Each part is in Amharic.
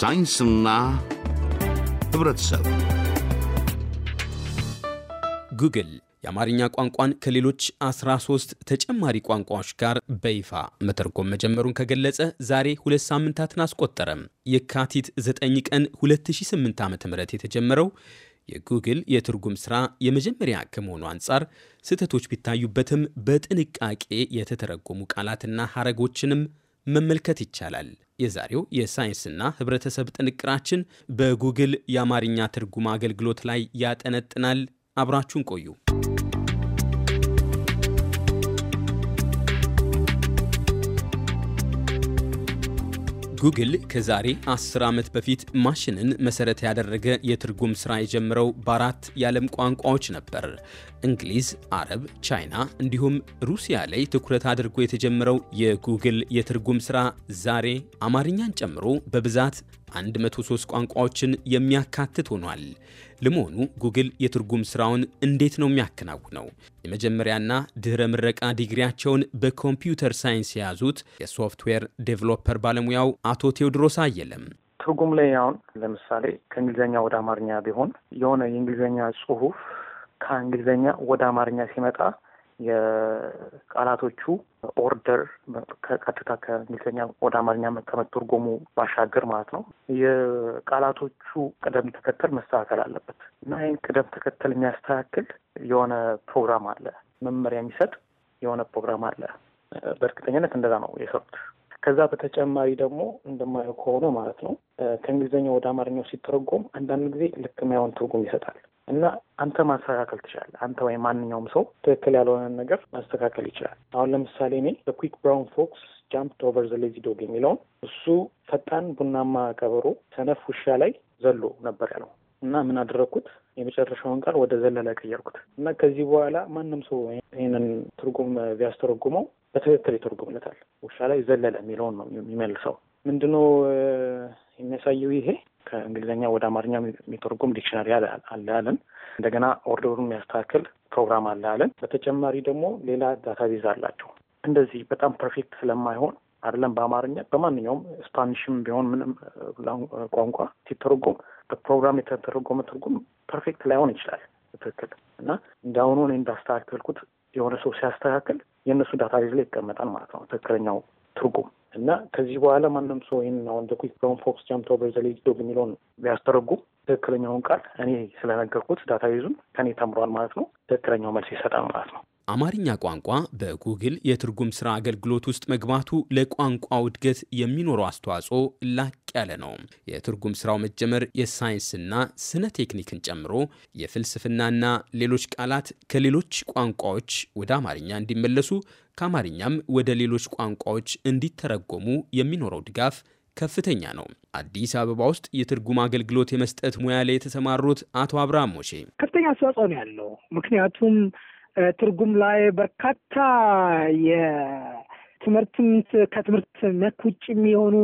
ሳይንስና ህብረተሰብ ጉግል የአማርኛ ቋንቋን ከሌሎች 13 ተጨማሪ ቋንቋዎች ጋር በይፋ መተርጎም መጀመሩን ከገለጸ ዛሬ ሁለት ሳምንታትን አስቆጠረም። የካቲት 9 ቀን 2008 ም የተጀመረው የጉግል የትርጉም ስራ የመጀመሪያ ከመሆኑ አንጻር ስህተቶች ቢታዩበትም በጥንቃቄ የተተረጎሙ ቃላትና ሀረጎችንም መመልከት ይቻላል። የዛሬው የሳይንስና ሕብረተሰብ ጥንቅራችን በጉግል የአማርኛ ትርጉም አገልግሎት ላይ ያጠነጥናል። አብራችሁን ቆዩ። ጉግል ከዛሬ 10 ዓመት በፊት ማሽንን መሰረት ያደረገ የትርጉም ስራ የጀመረው በአራት የዓለም ቋንቋዎች ነበር። እንግሊዝ፣ አረብ፣ ቻይና እንዲሁም ሩሲያ ላይ ትኩረት አድርጎ የተጀመረው የጉግል የትርጉም ስራ ዛሬ አማርኛን ጨምሮ በብዛት 103 ቋንቋዎችን የሚያካትት ሆኗል። ለመሆኑ ጉግል የትርጉም ስራውን እንዴት ነው የሚያከናውነው? የመጀመሪያና ድህረ ምረቃ ዲግሪያቸውን በኮምፒውተር ሳይንስ የያዙት የሶፍትዌር ዴቨሎፐር ባለሙያው አቶ ቴዎድሮስ አየለም ትርጉም ላይ አሁን ለምሳሌ ከእንግሊዝኛ ወደ አማርኛ ቢሆን የሆነ የእንግሊዝኛ ጽሁፍ ከእንግሊዝኛ ወደ አማርኛ ሲመጣ የቃላቶቹ ኦርደር ከቀጥታ ከእንግሊዝኛ ወደ አማርኛ ከመተርጎሙ ባሻገር ማለት ነው። የቃላቶቹ ቅደም ተከተል መስተካከል አለበት እና ይህን ቅደም ተከተል የሚያስተካክል የሆነ ፕሮግራም አለ፣ መመሪያ የሚሰጥ የሆነ ፕሮግራም አለ። በእርግጠኝነት እንደዛ ነው የሰሩት። ከዛ በተጨማሪ ደግሞ እንደማየው ከሆነ ማለት ነው ከእንግሊዝኛ ወደ አማርኛው ሲተረጎም አንዳንድ ጊዜ ልክ ማይሆን ትርጉም ይሰጣል። እና አንተ ማስተካከል ትችላለህ። አንተ ወይም ማንኛውም ሰው ትክክል ያልሆነን ነገር ማስተካከል ይችላል። አሁን ለምሳሌ እኔ በኩክ ብራውን ፎክስ ጃምፕ ኦቨር ዘ ሌዚ ዶግ የሚለውን እሱ ፈጣን ቡናማ ቀበሮ ሰነፍ ውሻ ላይ ዘሎ ነበር ያለው እና ምን አደረግኩት? የመጨረሻውን ቃል ወደ ዘለላ ቀየርኩት እና ከዚህ በኋላ ማንም ሰው ይህንን ትርጉም ቢያስተረጉመው በትክክል ይተርጉምለታል? ውሻ ላይ ዘለለ የሚለውን ነው የሚመልሰው። ምንድነው የሚያሳየው ይሄ ከእንግሊዝኛ ወደ አማርኛ የሚተረጉም ዲክሽነሪ አለ አለን። እንደገና ኦርደሩን የሚያስተካክል ፕሮግራም አለ አለን። በተጨማሪ ደግሞ ሌላ ዳታቤዝ አላቸው። እንደዚህ በጣም ፐርፌክት ስለማይሆን አይደለም በአማርኛ በማንኛውም ስፓኒሽም ቢሆን ምንም ቋንቋ ሲተረጎም በፕሮግራም የተተረጎመ ትርጉም ፐርፌክት ላይሆን ይችላል። ትክክል እና እንዳሁኑ እኔ እንዳስተካከልኩት የሆነ ሰው ሲያስተካክል የእነሱ ዳታቤዝ ላይ ይቀመጣል ማለት ነው ትክክለኛው ትርጉም እና ከዚህ በኋላ ማንም ሰው ይህን አሁን ኩክ ብራውን ፎክስ ጃምፕ ኦቨር ዘ ሌጅ ዶግ የሚለውን ቢያስተረጉም ትክክለኛውን ቃል እኔ ስለነገርኩት ዳታ ይዙን ከኔ ተምሯል ማለት ነው። ትክክለኛው መልስ ይሰጣል ማለት ነው። አማርኛ ቋንቋ በጉግል የትርጉም ስራ አገልግሎት ውስጥ መግባቱ ለቋንቋው እድገት የሚኖረው አስተዋጽኦ ላቅ ያለ ነው። የትርጉም ስራው መጀመር የሳይንስና ስነ ቴክኒክን ጨምሮ የፍልስፍናና ሌሎች ቃላት ከሌሎች ቋንቋዎች ወደ አማርኛ እንዲመለሱ ከአማርኛም ወደ ሌሎች ቋንቋዎች እንዲተረጎሙ የሚኖረው ድጋፍ ከፍተኛ ነው። አዲስ አበባ ውስጥ የትርጉም አገልግሎት የመስጠት ሙያ ላይ የተሰማሩት አቶ አብርሃም ሞሼ ከፍተኛ አስተዋጽኦ ነው ያለው። ምክንያቱም ትርጉም ላይ በርካታ የትምህርት ከትምህርት ነክ ውጭ የሚሆኑ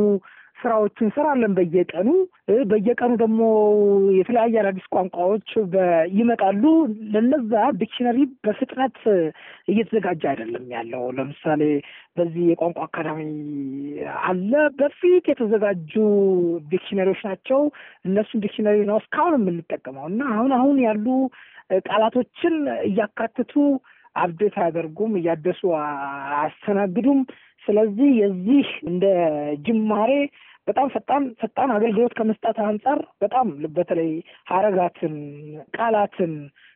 ስራዎች እንሰራለን በየቀኑ በየቀኑ ደግሞ የተለያየ አዳዲስ ቋንቋዎች ይመጣሉ። ለነዛ ዲክሽነሪ በፍጥነት እየተዘጋጀ አይደለም ያለው። ለምሳሌ በዚህ የቋንቋ አካዳሚ አለ። በፊት የተዘጋጁ ዲክሽነሪዎች ናቸው። እነሱን ዲክሽነሪ ነው እስካሁን የምንጠቀመው እና አሁን አሁን ያሉ ቃላቶችን እያካትቱ አብዴት አያደርጉም፣ እያደሱ አያስተናግዱም። ስለዚህ የዚህ እንደ ጅማሬ በጣም ፈጣን ፈጣን አገልግሎት ከመስጠት አንጻር በጣም በተለይ ሀረጋትን ቃላትን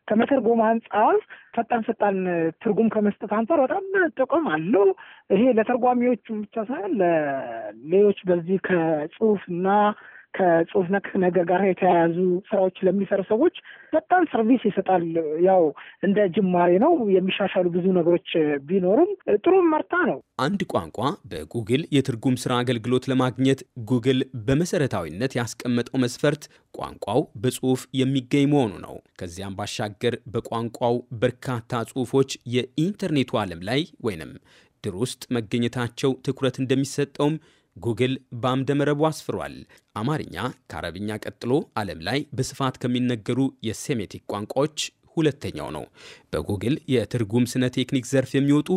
ከመተርጎም አንጻር ፈጣን ፈጣን ትርጉም ከመስጠት አንጻር በጣም ጥቅም አለው። ይሄ ለተርጓሚዎቹ ብቻ ሳይሆን ለሌሎች በዚህ ከጽሁፍና ከጽሁፍ ነክ ነገር ጋር የተያያዙ ስራዎች ለሚሰሩ ሰዎች በጣም ሰርቪስ ይሰጣል። ያው እንደ ጅማሬ ነው የሚሻሻሉ ብዙ ነገሮች ቢኖሩም ጥሩ መርታ ነው። አንድ ቋንቋ በጉግል የትርጉም ስራ አገልግሎት ለማግኘት ጉግል በመሰረታዊነት ያስቀመጠው መስፈርት ቋንቋው በጽሁፍ የሚገኝ መሆኑ ነው። ከዚያም ባሻገር በቋንቋው በርካታ ጽሁፎች የኢንተርኔቱ ዓለም ላይ ወይንም ድር ውስጥ መገኘታቸው ትኩረት እንደሚሰጠውም ጉግል በአምደ መረቡ አስፍሯል። አማርኛ ከአረብኛ ቀጥሎ ዓለም ላይ በስፋት ከሚነገሩ የሴሜቲክ ቋንቋዎች ሁለተኛው ነው። በጉግል የትርጉም ስነ ቴክኒክ ዘርፍ የሚወጡ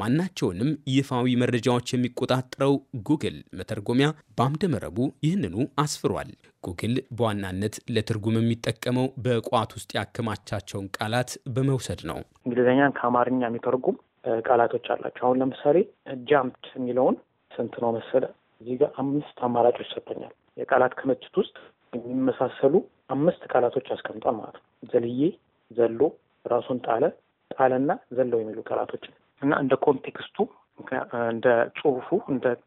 ማናቸውንም ይፋዊ መረጃዎች የሚቆጣጠረው ጉግል መተርጎሚያ በአምደ መረቡ ይህንኑ አስፍሯል። ጉግል በዋናነት ለትርጉም የሚጠቀመው በቋት ውስጥ ያከማቻቸውን ቃላት በመውሰድ ነው። እንግሊዝኛን ከአማርኛ የሚተርጉም ቃላቶች አላቸው። አሁን ለምሳሌ ጃምፕድ የሚለውን ስንት ነው መሰለህ እዚህ ጋር አምስት አማራጮች ይሰጠኛል። የቃላት ክምችት ውስጥ የሚመሳሰሉ አምስት ቃላቶች አስቀምጧል ማለት ነው። ዘልዬ፣ ዘሎ፣ ራሱን ጣለ፣ ጣለና ዘለው የሚሉ ቃላቶች እና እንደ ኮንቴክስቱ እንደ ጽሁፉ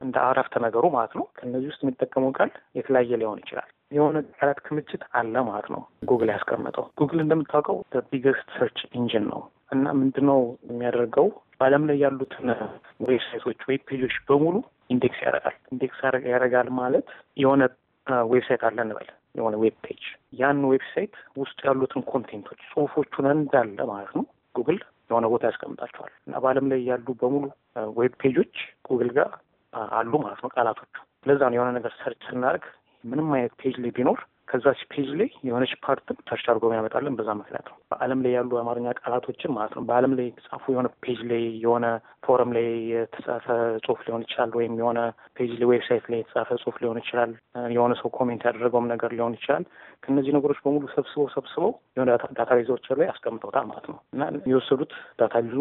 እንደ አረፍተ ነገሩ ማለት ነው። ከእነዚህ ውስጥ የሚጠቀመው ቃል የተለያየ ሊሆን ይችላል። የሆነ ቃላት ክምችት አለ ማለት ነው። ጉግል ያስቀመጠው ጉግል እንደምታውቀው ቢገስት ሰርች ኢንጂን ነው እና ምንድነው የሚያደርገው በዓለም ላይ ያሉትን ዌብሳይቶች ወይ ፔጆች በሙሉ ኢንዴክስ ያደርጋል። ኢንዴክስ ያደርጋል ማለት የሆነ ዌብሳይት አለ እንበል፣ የሆነ ዌብ ፔጅ ያን ዌብሳይት ውስጥ ያሉትን ኮንቴንቶች ጽሁፎቹን እንዳለ ማለት ነው ጉግል የሆነ ቦታ ያስቀምጣቸዋል እና በዓለም ላይ ያሉ በሙሉ ዌብ ፔጆች ጉግል ጋር አሉ ማለት ነው ቃላቶቹ። ለዛ ነው የሆነ ነገር ሰርች ስናደርግ ምንም አይነት ፔጅ ላይ ቢኖር ከዛች ፔጅ ላይ የሆነች ፓርትም ሰርች አድርጎ ያመጣለን። በዛ ምክንያት ነው በዓለም ላይ ያሉ አማርኛ ቃላቶችን ማለት ነው። በዓለም ላይ የተጻፉ የሆነ ፔጅ ላይ የሆነ ፎረም ላይ የተጻፈ ጽሁፍ ሊሆን ይችላል፣ ወይም የሆነ ፔጅ ላይ ዌብሳይት ላይ የተጻፈ ጽሁፍ ሊሆን ይችላል፣ የሆነ ሰው ኮሜንት ያደረገውም ነገር ሊሆን ይችላል። ከእነዚህ ነገሮች በሙሉ ሰብስበው ሰብስበው የሆነ ዳታ ቤዞች ላይ አስቀምጠውታል ማለት ነው እና የወሰዱት ዳታ ቤዙ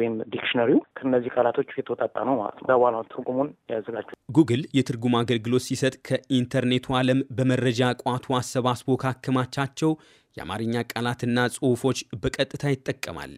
ወይም ዲክሽነሪው ከእነዚህ ቃላቶች የተወጣጣ ነው ማለት ነው። በኋላ ትርጉሙን ያዘጋጁ። ጉግል የትርጉም አገልግሎት ሲሰጥ ከኢንተርኔቱ ዓለም በመረጃ ቋ በጥናቱ አሰባስቦ ካከማቻቸው የአማርኛ ቃላትና ጽሑፎች በቀጥታ ይጠቀማል።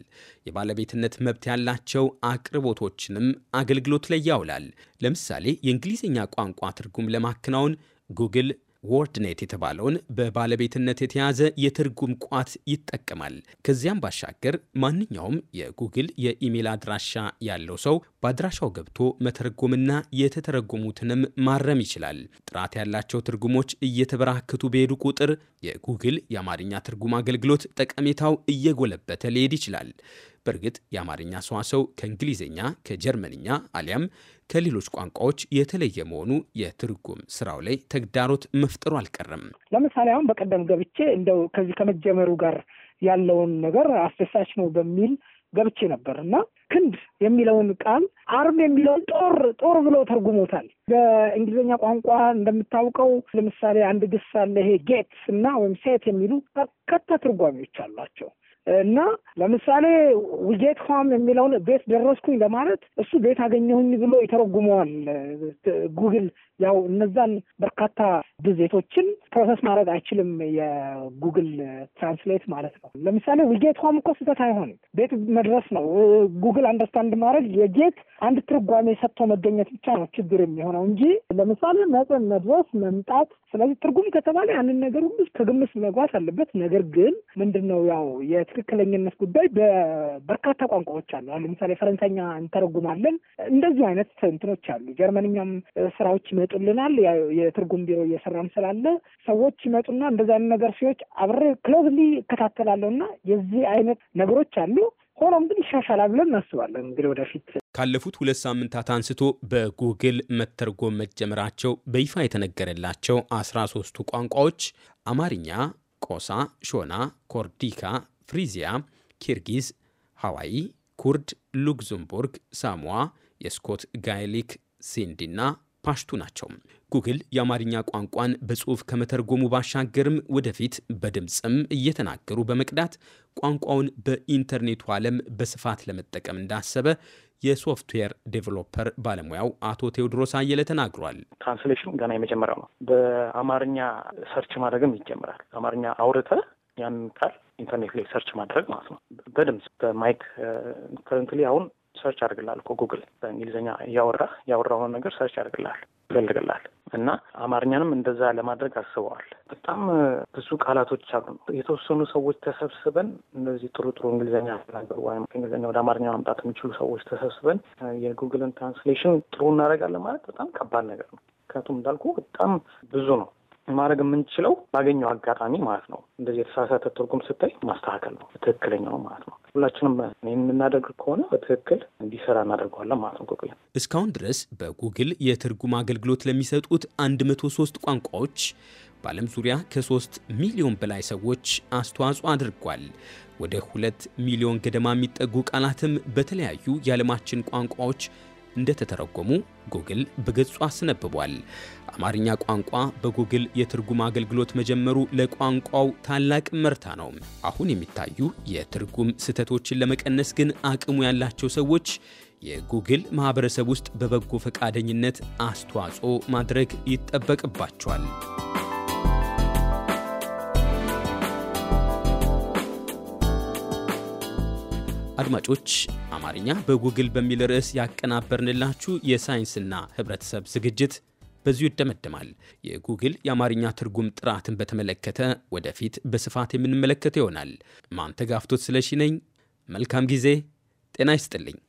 የባለቤትነት መብት ያላቸው አቅርቦቶችንም አገልግሎት ላይ ያውላል። ለምሳሌ የእንግሊዝኛ ቋንቋ ትርጉም ለማከናወን ጉግል ዎርድኔት የተባለውን በባለቤትነት የተያዘ የትርጉም ቋት ይጠቀማል። ከዚያም ባሻገር ማንኛውም የጉግል የኢሜል አድራሻ ያለው ሰው በአድራሻው ገብቶ መተረጎምና የተተረጎሙትንም ማረም ይችላል። ጥራት ያላቸው ትርጉሞች እየተበራከቱ በሄዱ ቁጥር የጉግል የአማርኛ ትርጉም አገልግሎት ጠቀሜታው እየጎለበተ ሊሄድ ይችላል። በእርግጥ የአማርኛ ሰዋሰው ከእንግሊዝኛ፣ ከጀርመንኛ አሊያም ከሌሎች ቋንቋዎች የተለየ መሆኑ የትርጉም ስራው ላይ ተግዳሮት መፍጠሩ አልቀረም። ለምሳሌ አሁን በቀደም ገብቼ እንደው ከዚህ ከመጀመሩ ጋር ያለውን ነገር አስደሳች ነው በሚል ገብቼ ነበር እና ክንድ የሚለውን ቃል አርም የሚለውን ጦር ጦር ብሎ ተርጉሞታል። በእንግሊዝኛ ቋንቋ እንደምታውቀው ለምሳሌ አንድ ግስ አለ። ይሄ ጌትስ እና ወይም ሴት የሚሉ በርካታ ትርጓሚዎች አሏቸው። እና ለምሳሌ ውጌት ኳም የሚለውን ቤት ደረስኩኝ ለማለት እሱ ቤት አገኘሁኝ ብሎ ይተረጉመዋል። ጉግል ያው እነዛን በርካታ ብዜቶችን ፕሮሰስ ማድረግ አይችልም የጉግል ትራንስሌት ማለት ነው። ለምሳሌ ጌቷም እኮ ስህተት አይሆንም፣ ቤት መድረስ ነው። ጉግል አንደርስታንድ ማድረግ የጌት አንድ ትርጓሜ ሰጥቶ መገኘት ብቻ ነው ችግር የሚሆነው እንጂ ለምሳሌ መጠን፣ መድረስ፣ መምጣት። ስለዚህ ትርጉም ከተባለ ያንን ነገር ሁሉ ከግምት መግባት አለበት። ነገር ግን ምንድን ነው ያው የትክክለኝነት ጉዳይ በበርካታ ቋንቋዎች አሉ። ለምሳሌ ፈረንሳይኛ እንተረጉማለን። እንደዚህ አይነት እንትኖች አሉ። ጀርመንኛም ስራዎች ይመጡልናል። የትርጉም ቢሮ እየሰራም ስላለ ሰዎች ይመጡና እንደዚህ አይነት ነገር ሲዎች አብሬ ክሎዝሊ ይከታተላለሁ እና የዚህ አይነት ነገሮች አሉ። ሆኖም ግን ይሻሻላል ብለን እናስባለን። እንግዲህ ወደፊት ካለፉት ሁለት ሳምንታት አንስቶ በጉግል መተርጎም መጀመራቸው በይፋ የተነገረላቸው አስራ ሶስቱ ቋንቋዎች አማርኛ፣ ቆሳ፣ ሾና፣ ኮርዲካ፣ ፍሪዚያ፣ ኪርጊዝ፣ ሃዋይ ኩርድ፣ ሉክዘምቡርግ፣ ሳሙዋ፣ የስኮት ጋይሊክ፣ ሲንዲና ፓሽቱ ናቸው። ጉግል የአማርኛ ቋንቋን በጽሑፍ ከመተርጎሙ ባሻገርም ወደፊት በድምፅም እየተናገሩ በመቅዳት ቋንቋውን በኢንተርኔቱ ዓለም በስፋት ለመጠቀም እንዳሰበ የሶፍትዌር ዴቨሎፐር ባለሙያው አቶ ቴዎድሮስ አየለ ተናግሯል። ትራንስሌሽኑ ገና የመጀመሪያው ነው። በአማርኛ ሰርች ማድረግም ይጀምራል። አማርኛ አውርተ ያንን ቃል ኢንተርኔት ላይ ሰርች ማድረግ ማለት ነው። በድምፅ በማይክ ከረንትሊ አሁን ሰርች አድርግላል እኮ ጉግል በእንግሊዝኛ እያወራ ያወራውን ነገር ሰርች አድርግላል ይፈልግላል። እና አማርኛንም እንደዛ ለማድረግ አስበዋል። በጣም ብዙ ቃላቶች አሉ። የተወሰኑ ሰዎች ተሰብስበን እነዚህ ጥሩ ጥሩ እንግሊዝኛ ነገር ወይም ከእንግሊዝኛ ወደ አማርኛ ማምጣት የሚችሉ ሰዎች ተሰብስበን የጉግልን ትራንስሌሽን ጥሩ እናደርጋለን ማለት በጣም ከባድ ነገር ነው። ምክንያቱም እንዳልኩ በጣም ብዙ ነው። ማድረግ የምንችለው ባገኘው አጋጣሚ ማለት ነው። እንደዚህ የተሳሳተ ትርጉም ስታይ ማስተካከል ነው ትክክለኛው ማለት ነው። ሁላችንም የምናደርግ ከሆነ በትክክል እንዲሰራ እናደርገዋለን ማለት ነው። ጉግል እስካሁን ድረስ በጉግል የትርጉም አገልግሎት ለሚሰጡት 103 ቋንቋዎች በዓለም ዙሪያ ከ3 ሚሊዮን በላይ ሰዎች አስተዋጽኦ አድርጓል። ወደ 2 ሚሊዮን ገደማ የሚጠጉ ቃላትም በተለያዩ የዓለማችን ቋንቋዎች እንደተተረጎሙ ጉግል በገጹ አስነብቧል። አማርኛ ቋንቋ በጉግል የትርጉም አገልግሎት መጀመሩ ለቋንቋው ታላቅ መርታ ነው። አሁን የሚታዩ የትርጉም ስህተቶችን ለመቀነስ ግን አቅሙ ያላቸው ሰዎች የጉግል ማህበረሰብ ውስጥ በበጎ ፈቃደኝነት አስተዋጽኦ ማድረግ ይጠበቅባቸዋል። አድማጮች አማርኛ በጉግል በሚል ርዕስ ያቀናበርንላችሁ የሳይንስና ህብረተሰብ ዝግጅት በዚሁ ይደመደማል። የጉግል የአማርኛ ትርጉም ጥራትን በተመለከተ ወደፊት በስፋት የምንመለከተው ይሆናል። ማንተጋፍቶት ስለሺ ነኝ። መልካም ጊዜ። ጤና ይስጥልኝ።